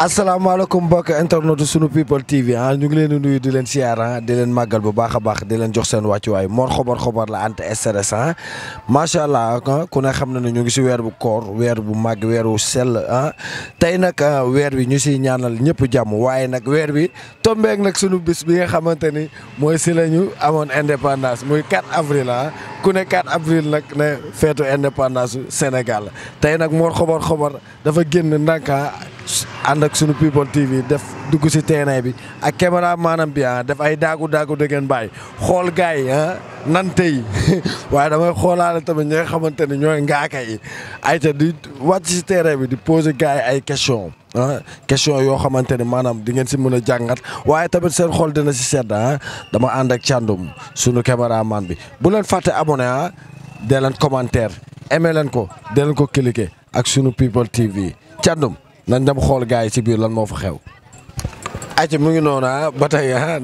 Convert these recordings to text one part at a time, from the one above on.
asalaamaaleykum mbokk internet sunu people TV ah ñu ngi leen di nuyu di leen siyaar di leen màggal bu baax a baax di leen jox seen wàccuwaay Mor Xobar Xobar la anti stress ah macha allah ah, ah, ku ne xam na ne ñu ngi si weer bu koor weer bu màgg weer wu sel ah tey nag ah, weer wi ñu si ñaanal ñëpp jàmm waaye nag weer wi tombeek nag sunu bis bi nga xamante ni mooy si la ñu amoon indépendance muy 4 avril ah ku ne 4 avril nag ne feetu indépendance Sénégal tey nag Mor Xobar Xobar dafa génn ndànk ànd ak sunu people TV def dugg si terrain bi ak caméra maanaam bi ah def ay daagu daagu da ngeen bàyyi xool gars yi ah nante yi waaye damay xoolaale tamit ñi nga xamante ne ñooy ngaaka yi ayca di wàcc ci terrain bi di poser gars yi ay question ah yoo xamante ne maanaam di ngeen si mën a jàngat waaye tamit seen xool dina si sedd ah dama ànd ak càndum sunu caméraman bi bu fàtte abonné ah dee leen commentaire aimé leen ko dee leen ko cliquer ak sunu people TV càndum nañ dem xool gars yi ci biir lan moo fa xew. ayca mu ngi noonu ah ba tey ah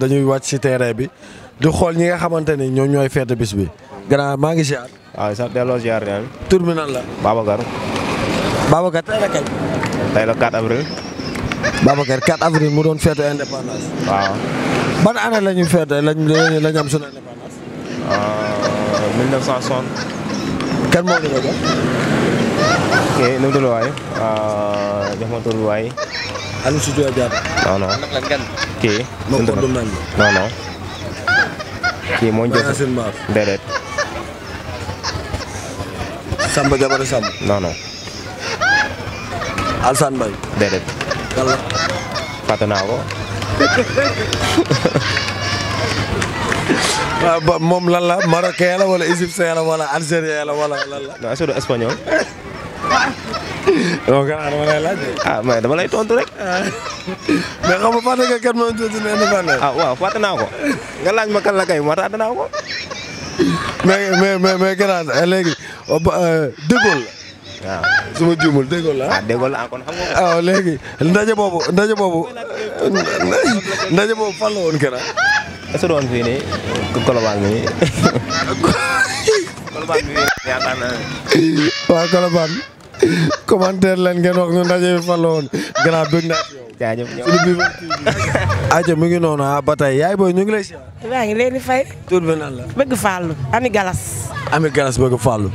dañuy wacc ci terrain bi di xool ñi nga xamante ni ñoom ñooy feete bis bi. grand maa ngi si waaw sax delloo ziar daal. tur la. Babacar. Babacar tey la kañ. tey la 4 avril. Babacar 4 avril mu doon feetu indépendance. waaw. ban année la ñuy feete lañ lañ am sunu indépendance. 1960. Euh, kan moo ñu ko oke nung dulu ay dah mau dulu ay anu suju aja no no oke nung dulu no no oke mau jauh Samba Jabar Sam no no Alsan Bay deret kalau Patenawo moom lan la marocain la wala égyptien la wala algérien la wala lan la. non c'est non gannaaw dama lay laaj ah mais dama lay tontu rek. mais xam nga fàtte nga kat moom tuuti na indi fànn. ah waaw fàtte naa ko nga laaj ma kan la kay moo tax danaa ko. mais mais mais mais gannaaw eh, léegi oh, euh, déggoon la. waaw su ma juumul déggoon la ah, ah déggoon la ah, kon xam nga. ah waaw léegi ndaje boobu ndaje boobu ndaje boobu fan la woon gannaaw. est-ce que doon fii nii Colobane bi nii. Colobane bi yaakaar naa ne. waaw Colobane. commentaire lan ngeen wax nu ndaje bi fan la woon gannaaw bëgg naa ci yow. jaajëf ñëw ba tey yaay booy ñu ngi lay. maa ngi leen di la. bëgg Fallou Ami Galas. Ami Galas bëgg Fallou.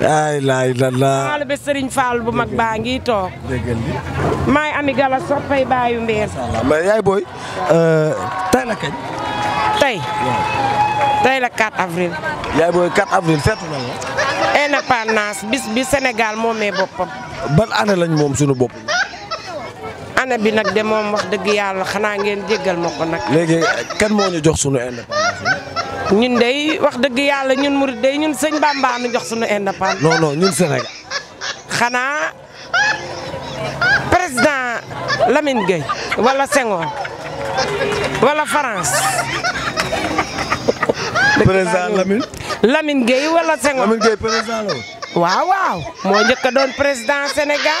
ay laay la la. Fallou ba bu mag baa ngi toog. déggal li. maay Ami Galas soppay baayu mbeer. mais yaay booy. Euh, tey kañ. tey. tey la avril. la. indépendance bis bi Sénégal moomee boppam. ban ane lañ moom suñu bopp. année bi nag de moom wax dëgg yàlla xanaa ngeen jéggal ma ko nag. léegi kan moo ñu jox suñu indépendance. ñun day wax dëgg yàlla ñun murid day ñun sëñ Bamba nu jox suñu indépendance. non non ñun Sénégal. xanaa président lamin Gueye wala Senghor wala France. président Lamine. Lamine Gueye wala Senghor. waaw waaw moo njëkk a doon président Sénégal.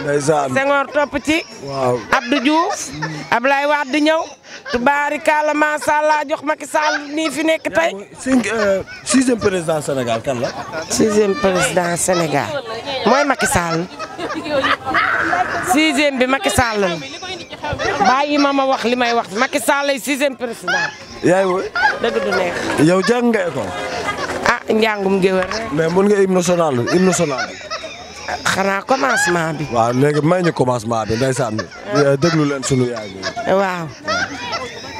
ndeysaan Senghor topp ci. waaw Abdou Diouf. Mm. Ablaye di ñëw. tubaari kàlla macha jox Macky Sall nii fi nekk tey. Euh, président Sénégal kan la. sixième président Sénégal mooy Macky Sall. bi Macky Sall la. bàyyi ma ma wax li may wax Macky Sall lay sixième président. yaay woy dëgg du neex. yow nga école. njàngum géwél rek. mais mun nga hymne national hymne national xanaa commencement bi. waaw léegi may ñu commencement bi ndeysaan bi ah. déglu leen sunu yaay bi. waaw.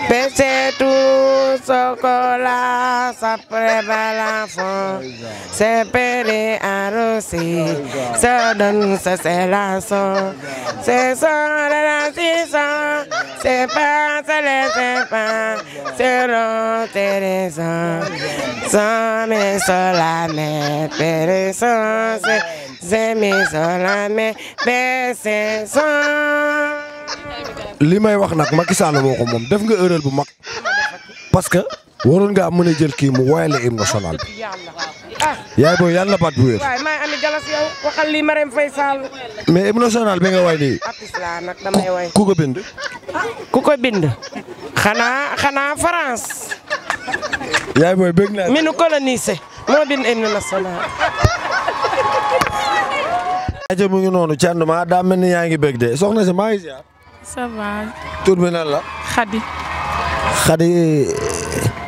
tout chocolat, ça prépare l'enfant. C'est pédé arrosé, ça donne, ça c'est la sang. C'est ça, la saison, c'est pas, ça les pas, c'est l'intéressant. Sans mes sols mais pédé sans, c'est mes sols à mes, li may wax nag Macky Sall boo ko moom def nga erreur bu mag parce que waroon ngaa mën jël kii mu woyale hymne national baat bu wér. waay maa galas yow waxal lii Marème Faye Sall. mais hymne national bi nga way nii. ku ko bind. ku ko bind. xanaa xanaa France. yaay booy bëgg naa. mi nu colonisé moo bind hymne national. rajo mu ngi noonu Thierno maa daa mel ni yaa ngi bëgg de soxna si maa ngi ziar. ça va. la. Khady. Khady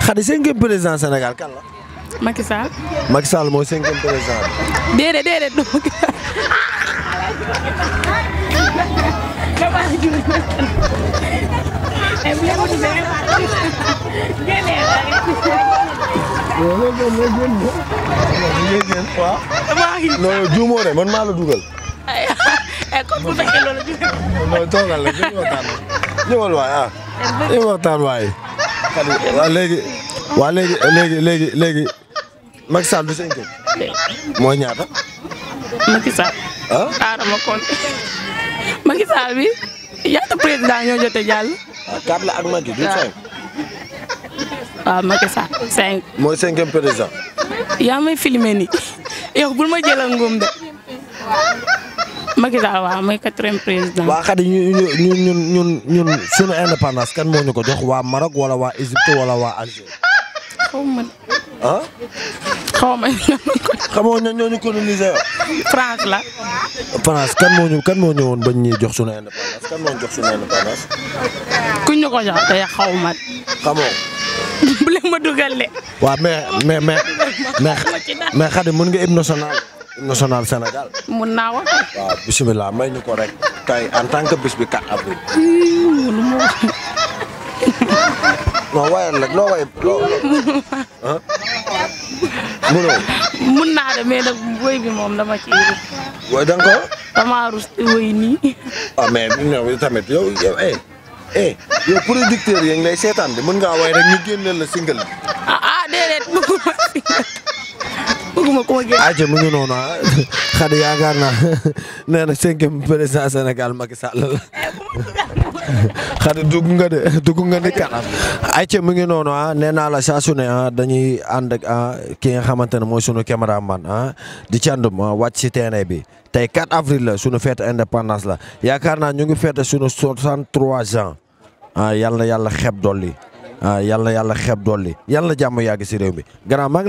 Khady président Sénégal kan mooy cinquième président bi. déedéet déedéet du man maa la comme bu fekkee loolu ji. non toogal la ñu waxtaan ñëwal waay ah. ñu waxtaan waay. waaw léegi. léegi léegi léegi léegi. Macky Sall ñaata. Macky Sall. ah xaaral ma bi ñaata président ñoo jote jàll. waaw quatre la ak président. yaa may filmé nii yow bul ma jëlal Macky Sall waaw mooy quatrième président. waa xadi ñun ñun ñun ñun kan moo ñu ko jox waa Maroc wala waa Égypte wala waa Algérie. xaw ma. ah. xaw ma. xamoo ñoo ñu colonisé France la. France kan moo ñu kan moo ñëwoon bañ ñuy jox suñu indépendance kan moo ku ñu ko jox te xaw ma. xamoo. bu leen ma dugal de. waaw mais xadi mën nga hymne national. national senegal mun naa wax. waaw bisimilah may ñu ko rek tey en tant que bis bi 4 avril. lu ma wax. non waaye nag loo waay loo. ah. mënoo. mun naa de mais nag woy bi moom dama ciy rus. woy da nga ko. damaa rus te woy nii. ah mais ñoom tamit yow yow eh eh yow producteurs yi ngi lay seetaan de mën ngaa woy rek ñu génneel la single bëgguma mu ngi noonu ah xad yaakaar naa nee na cinquième président Sénégal Macky Sall la xad dugg nga de dugg nga ni kanam. ayca mu ngi noonu ah nee naa la saa sune ah, dañuy ànd ak ah ki nga xamante ne mooy sunu caméraman ah di candum ah, wàcc si terrain bi. tey 4 avril la sunu fête indépendance la yaakaar naa ñu ngi fête sunu 63 ans ah yal na yàlla xeeb dolli ah yal na yàlla xeeb dolli yal na jàmm yàgg si réew mi grand maa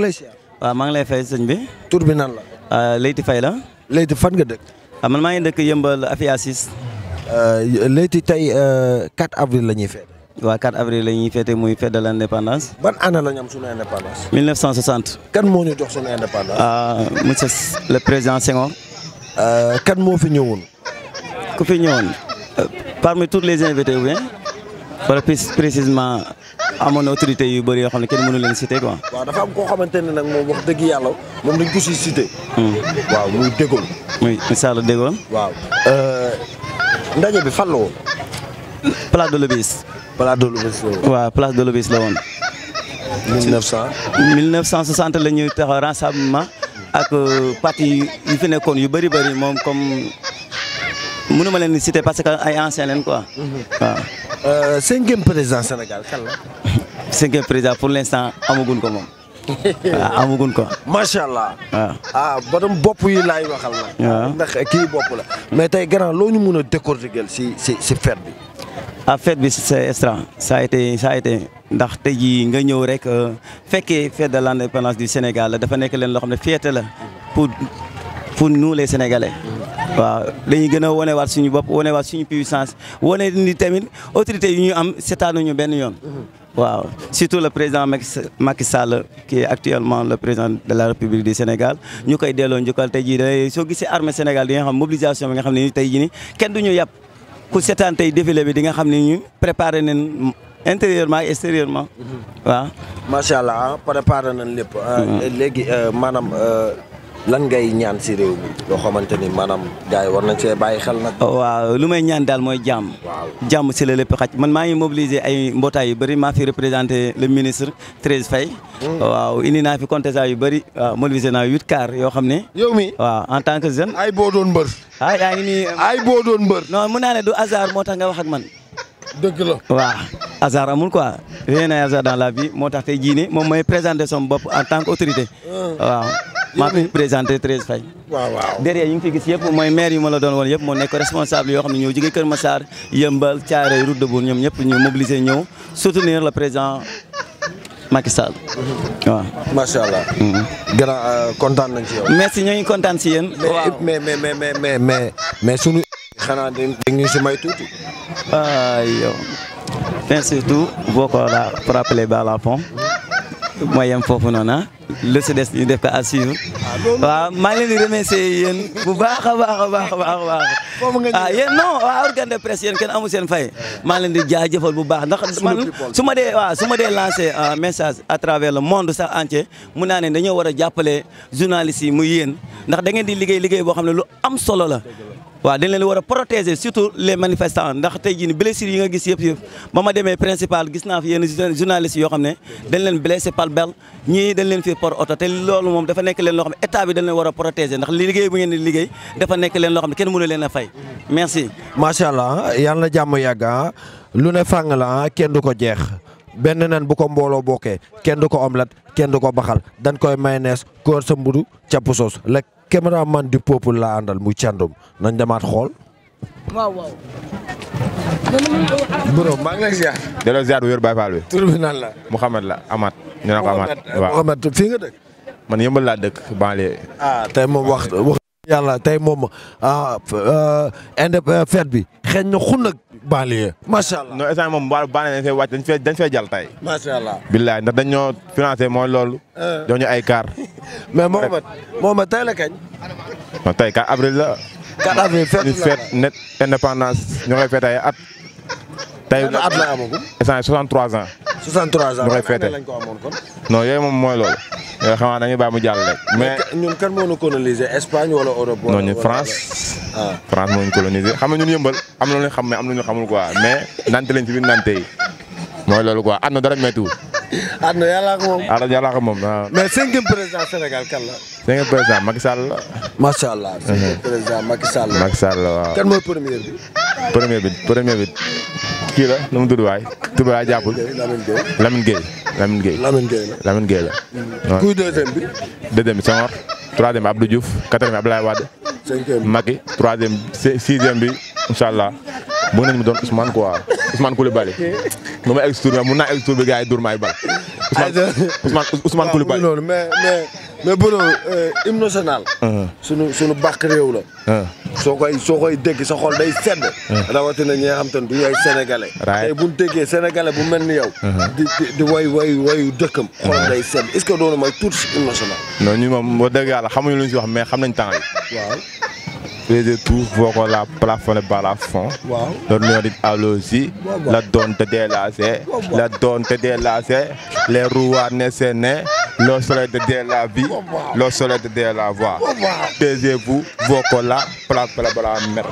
waaw maa ngi lay fay sëñ bi. tur bi nan la. Ah, Leyti Faye la. Leyti fan nga dëkk. Ah, man maa ngi dëkk yëmbal Afia 6. Euh, Leyti tey 4 euh, avril la ñuy fête. waaw 4 avril la ñuy fête muy fête de l' indépendance. ban année la ñu am sunu indépendance. kan moo ñu jox sunu indépendance. Ah, monsieur le président Senghor. Euh, kan moo fi ñëwoon. ku fi ñëwoon. parmi tous les invités ou bien. wala précisement amoon na autorité yu bëri yoo xam ne kenn mënu leen cité quoi. waaw dafa am koo xamante ne nag moom wax dëgg yàlla moom dañ ko si cité. Hmm. waaw muy déggoon. muy incha allah déggoon. waaw euh, ndaje bi fan la woon. place de l'Obélisque. place de l'Obélisque la woon. waaw place de l'Obélisque la woon. 1900. 1960 la ñuy taxaw rassemblement ak euh, parti yu fi nekkoon yu bëri bëri moom comme mënu ma leen cité parce que ay anciens leen quoi. Mm-hmm. Euh, cinquième président Sénégal kan la. cinquième président pour l' instant amaguñ ko moom. waaw ah, ko. macha allah. waaw ah. ah, borom bopp yi laay waxal nag. waaw ndax kii bopp la. mais tey grand loo ñu mun a décortiquer si si si fête bi. ah fête bi c' est extra ça été ndax tey jii nga ñëw rek euh, fekkee fête de l' indépendance du Sénégal dafa nekk leen loo xam ne fierté la pour pour nous les waaw dañuy gën a wonewaat suñu bopp wonewaat suñu puissance wone ni tamit autorité yi ñu am ñu benn yoon. waaw surtout le président Macky Sall qui est actuellement le président de la République du Sénégal ñu koy delloo njukkal tey jii day soo gisee armée Sénégal di nga xam mobilisation bi nga xam ne tey jii nii kenn du ñu yàpp ku seetaan tey défilé bi di nga xam ne ñu préparer nañ intérieurement extérieurement. Mhm. waaw. macha allah ah, préparé nañ lépp. Ah, mhm. léegi euh, maanaam. Euh, lan ngay ñaan si réew mi loo xamante ni maanaam bàyyi xel nag. waaw lu may ñaan daal mooy jàmm. jàmm si la lépp xaj man maa ngi mobiliser ay mbootaay yu bëri maa fi représenté le ministre Thérèse Faye. Hmm. waaw naa fi contestant yu bëri. waaw mobiliser naa huit quarts yoo xam ne. yow mi en tant que jeune. ay boo doon mbër. ah yaa ngi nii. ay boo mbër. non mun naa du hasard moo tax nga wax ak man. dëgg la waaw. hasard amul quoi rien n'est hasard dans la vie moo tax tey jii nii moom mooy présenté sama bopp en tant que autorité hmm. waaw. maa ngi présenté Thérèse Faye waaw waaw derrière yi nga fi gis yëpp mooy maire yu ma la doon woon yëpp moo nekk responsable yoo xam ne ñoo jóge Kër Massar Yëmbal Thiaroye Route de Bour ñoom ñëpp ñu mobiliser ñëw soutenir le président Macky Sall mhm. waaw macha mhm. euh, kontaan nañ ci yow merci ñoo ngi kontaan si yéen waaw mais mais mais mais mais mais sunu xanaa dañu si may tuuti surtout boo ko la rappelé fond mooy yem foofu noonu ah. lu si des ñu def ko waaw maa di remercier yéen bu baax a baax a baax a baax ah yéen non waaw organe de presse yéen kenn amu seen fay maa ngi leen di jaajëfal bu baax ndax man su ma de waaw su ma dee lancé message à travers le monde sax entier mun naa ne dañoo war a jàppale journalistes yi muy yéen ndax da ngeen di liggéey liggéey boo xam ne lu am solo la waaw dañ leen war a protéger surtout les manifestants ndax tey jii ni blessures yi nga gis yëpp yëpp ba ma demee principal gis naa fi yenn journalistes yoo xam ne dañ leen blessé par balle ñii dañ leen fi por oto te loolu moom dafa nekk leen loo xam ne état bi dañ leen war a protéger ndax liggéey bu ngeen di liggéey dafa nekk leen loo xam ne kenn a leen a fay merci macha allah yàlla na jàmm yàgg ah. lu ne fàng la ah, kenn du ko jeex benn nen bu ko mbooloo bokkee kenn du ko omelette kenn du ko baxal dañ koy mayonnaise koor sa mbudu capp soos lekk cameraman du peuple laa àndal muy càndum nañ demaat xool. waaw waaw. bro maa ngi lay ziar. delloo ziar bu wér Baye la. Mouhamed ñu ne ko Amath waaw Mouhamed fii nga dëkk. man yëmbal laa dëkk banlieue. ah tey wax. yàlla tey moom ah, euh, inde euh, fête bi xeeñ na xun nag banlieue macha allah non instant moom ba banlieue dañ fee wàcc dañ fee dañ tey macha ndax dañ ñoo mooy loolu euh. jox ñu ay car mais Mohamed Mohamed tey la kañ non tey 4 avril la 4 ñoo koy fête tey nag at la amagum. instant yii 63 ans. 63 ans waaw année lañ ko amoon kon. non yooyu moom mooy loolu. yoo xam ne dañuy bàyyi mu jàll rek. mais ñun kan moo ñu colonisé Espagne wala Europe. non ñun France. ah France moo ñu colonisé xam nga ñun yëmbal am na lu ñu xam mais am na ñu xamul quoi mais mooy loolu quoi at na dara méttiwul. at na yàllaa ko moom. at yàllaa ko moom mais cinquième président Sénégal kan la. cinquième président Macky Sall la. macha allah. Uh-huh. président Macky Sall la. kan mooy premier bi. kii la nu mu tudd waay tur bi laa jàppul. Lamine Gueye Lamine Gueye. Lamine Gueye la Lamine Gueye la. Mm. kuy deuxième bi. deuxième bi Senghor. troisième bi Abdou Diouf quatrième bi Abdoulaye Wade. cinquième bi Macky troisième sixième bi incha allah bëgg nañu mu doon Ousmane quoi Ousmane Koulibaly. moom mooy egg si tur bi mun naa egg si tur bi gars yi dur maay bal. Ousmane Ousmane Koulibaly. mais mais. mais Bruno euh, hymne national. Uh-huh. sunu sunu bàq réew la. Uh-huh. soo koy soo koy dégg sa xol day sedd. Uh-huh. rawatina ñi nga xam ne du ñu ay sénégalais. tey bu ñu déggee sénégalais bu mel ni yow. di di di way way wayu dëkkam. xol day sedd est ce que doonu may tuuti si hymne national. non moom boo dégg yàlla xamuñu lu ñu si wax mais xam nañ temps yi. waaw. les tours pour la plafonner par la fond. Wow. Donc nous avons dit la donne délacée, la donne délacée, les roues naissantes, le soleil de la vie, le soleil de la voie. Taisez-vous, vos la plafonner par la mer.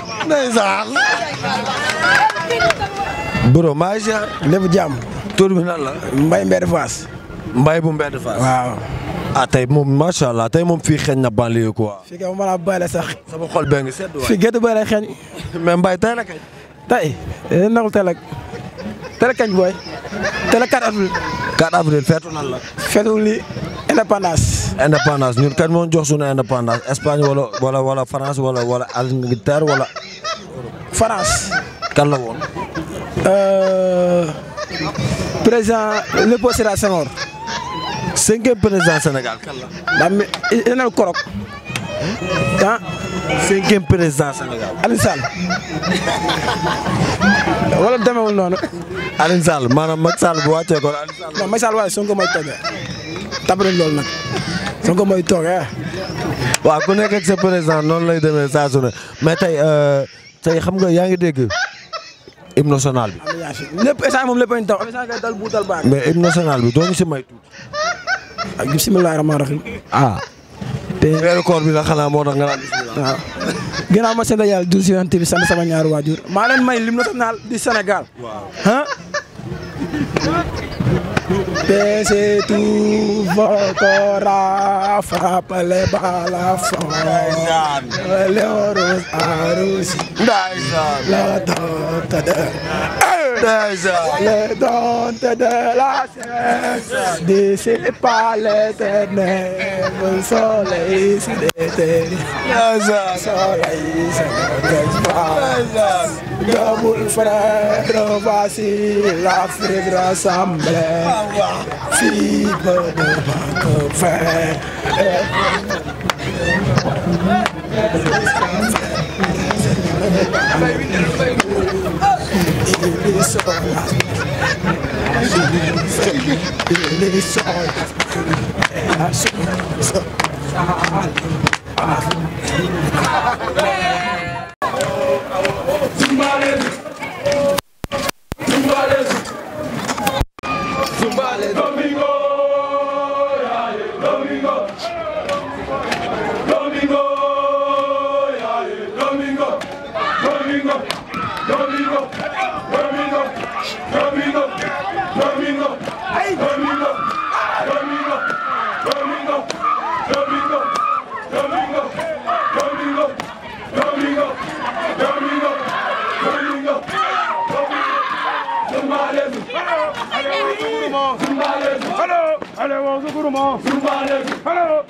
Bro, maa ngi si ah. lépp jàmm. tur bi nan la. Mbaye Mbedd Fass. Mbaye bu Mbedd Fass. waaw. ah tey moom macha allah tey moom fii xeeñ na banlieue quoi. fii kay ma la bëri sax. sama xol bee ngi sedd waay fii gerte bëri xeeñ. mais Mbaye tey la kañ. tey nekkul tey la tey la kañ booy. tey la 4 avril. 4 avril feetu nan la. feetu lii indépendance. indépendance ñun kan moo jox suñu indépendance Espagne wala wala wala France wala wala Angleterre wala. woon. Euh, président Léopold Sédar Senghor. cinquième président Sénégal kan la. daa mel enal korok ah cinquième président Sénégal Alioune Sall wala demewul noonu. Alioune Sall maanaam Macky Sall bu wàccee kon Alioune Sall. non Macky Sall waaye Sonko mooy toogee tabale loolu nag Sonko mooy toogee. waaw ku nekk ak sa président noonu lay demee saa su ne mais tey euh, tey xam nga yaa ngi dégg. hymne national bi. lépp échange a ñu taw. mais hymne national bi doo si may tuuti. ak ah, bisimilah rahmaani rahiim ah. te weeru koor bi la moo tax nga naan bisimilah. waaw ginnaaw ma sant yàlla dul bi sant sama ñaari waajur maa leen may lim naal di Sénégal. waaw Baissez tous vos corps, frappez les balafons. Les roses arrosées. La de la cesse. Dissipe pas les ténèbres. Le soleil se déterre. Le soleil se déterre. Waouh Fibre de Bacovin Il est sur Il est sur Il est sur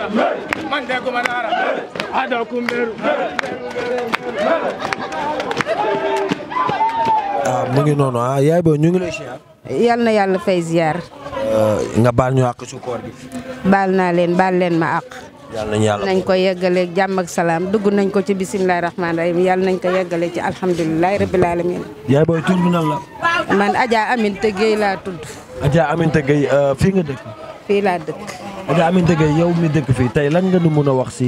ara man ah, mu ngi noonu ah yaay booy ñu ngi lay ziar. yal na yàlla fay ziar. Eh, nga baal ñu àq ci gi. baal naa leen baal leen ma ak yàlla nañ yàlla nañ ko yeggale jàmm salaam dugg nañ ko ci bisimilah rahmaani rahiim yàlla nañ ko yeggale ci alhamdulilah rabil aalamiina. yaay booy tur bi nan la. man Adja Aminta Gueye laa tudd. Adja Aminta Gueye eh, fii nga dëkk. Adja Aminta Gueye yow mi dëkk fii tey lañ nga nu mën a wax ci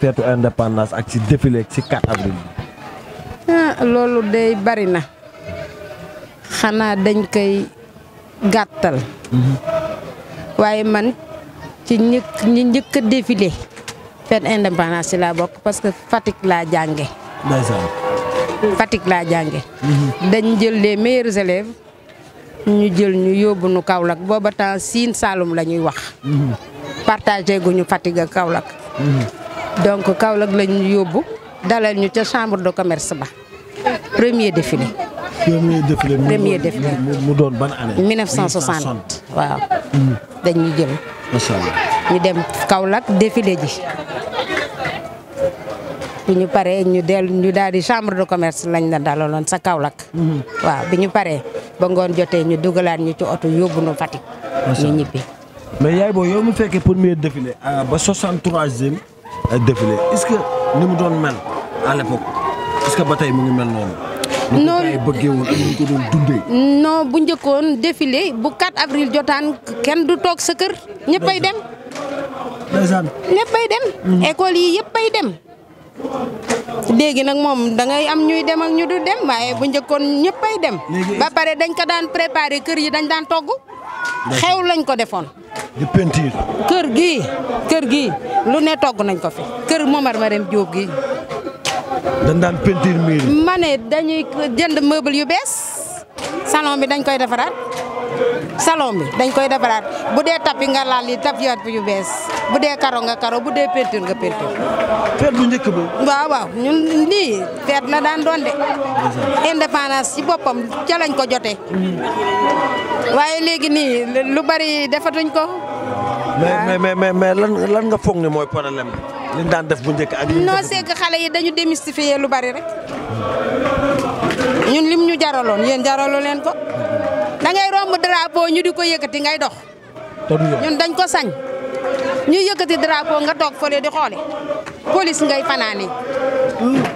feetu indépendance ak ci défilé ci 4 avril ah, loolu day bari na xanaa dañ koy gàttal. Mhm. waaye man ci ñëkk ñi njëkk a défilé feetu ci laa bokk parce que Fatick laa jànge ndeysaan laa jànge mhm. dañ jël les meilleurs élèves. ñu jël ñu yóbbu nu Kaolack booba temps Siin Saalum la ñuy wax. Mhm. partagé guñu fatig ak Kaolack. donc Kaolack lañu yóbbu dalal ñu ca chambre de commerce ba premier défilé. premier défilé premier défilé mu doon ban année. 1960 waaw. Hmm. dañ ñu jël. ñu dem Kaolack défilé ji. bi ñu paree ñu dellu ñu daal di chambre de commerce lañ la dalaloon sa Kaolack. Hmm. waaw bi ñu paree ba ngoon jotee ñu dugalaat ñu ci oto yóbbu nu Fatick. ñu ñibbi. mais yaay booy yow mu fekkee premier défilé euh, ba 63e euh, défilé est-ce que ni mu doon mel à l'époque est que ba tey mu ngi mel noonu. noonu ay bëggee woon ak mu ko doon dundee. non bu njëkkoon défilé bu 4 avril jotaan kenn du toog sa kër. ñëppay dem. ndeysaan ñëppay dem. Mm-hmm. école dem. léegi nag moom dangay am ñuy dem ak ñu du dem waaye bu njëkkoon ñëppay dem. ba pare dañ ko daan préparer kër yi dañ daan togg. xew lañ ko defoon. di peinture. kër gi kër gii lu ne togg nañ ko fi kër Momar Marème Diop gi dañ daan peinture miir. ma ne dañuy jënd meuble yu bees salon bi dañ koy defaraat. salon bi dañ koy defaraat bu dee tapi nga laal yi tap yaat bu ñu bees bu dee karo nga karo bu dee peinture nga peinture. feet bu njëkk ba. waaw waaw ñun lii feet la daan doon de. indépendance ci boppam ca lañ ko jote waaye léegi nii lu bari defatuñ ko. mais mais mais mais lan lan nga foog ne mooy problème bi liñ daan def bu njëkk ak. non c'est xale yi dañu démystifier lu bari rek ñun lim ñu jaraloon yéen jaraloo leen ko. da ngay romb drapeau ñu di ko yëkkati ngay dox. ñun dañ ko sañ ñu yëkkati drapeau nga toog fële di xoole police ngay fanaane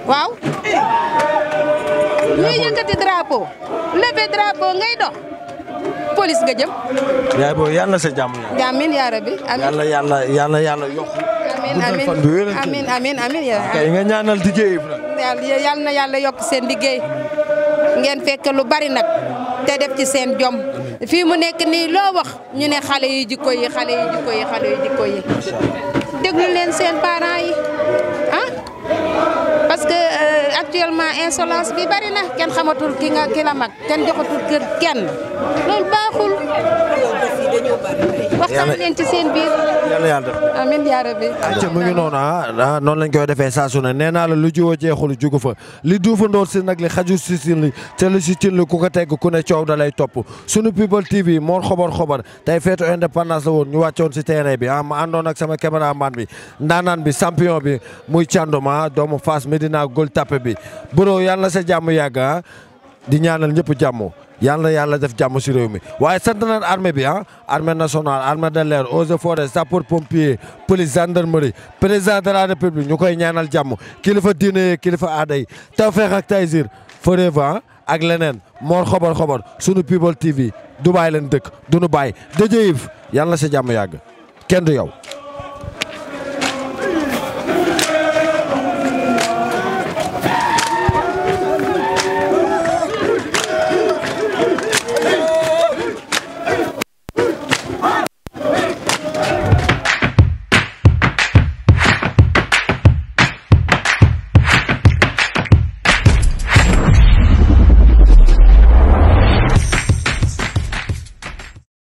waaw. ñuy yëkkati drapeau lever drapeau ngay dox nga jëm. yaay booy yal na sa jàmm na yàlla yal na yàlla yokk. yàlla yokk seen liggéey ngeen fekk lu bari te def ci seen jom fii mu nekk nii loo wax ñu ne xale yi jikko yi xale yi jikko yi xale yi jikko yi déglu leen seen parents yi ah? parce que euh, actuellement insolence bi bari na kenn xamatul ki nga ki la mag kenn joxatul kër kenn loolu baaxul. waxtaan leen ci seen biir. yàlla yàlla def amiin yaa rabbi. ayca mu ngi noonu ah, ah noonu lañ koy defee saa su ne nee naa la lu jiwoo jeexul jugu fa li duufandoor si nag li xaju si sin li te li ku ko tegg ku ne coow da lay topp sunu people TV Mor Xobar Xobar tey feetu indépendance la woon ñu wàccoon si terrain bi ah ma àndoon ak sama caméraman bi ndaanaan bi champion bi muy cànduma ah, doomu fas Medina Gueule Tapée bi bro yàlla sa jàmm yàgg ah di ñaanal yàlla yàlla def jàmm si réew mi waaye sant nañ armée bi ah armée nationale armée de l'air eaux et forêts police gendarmerie président de la ñu koy ñaanal jàmm kilifa diine yi kilifa aada yi tawfeex ak taysir forever ah, ak leneen moor xobar xobar sunu people TV baay leen dëkk du nu bàyyi dëjëyif yàlla na sa jàmm yàgg kenn du yow.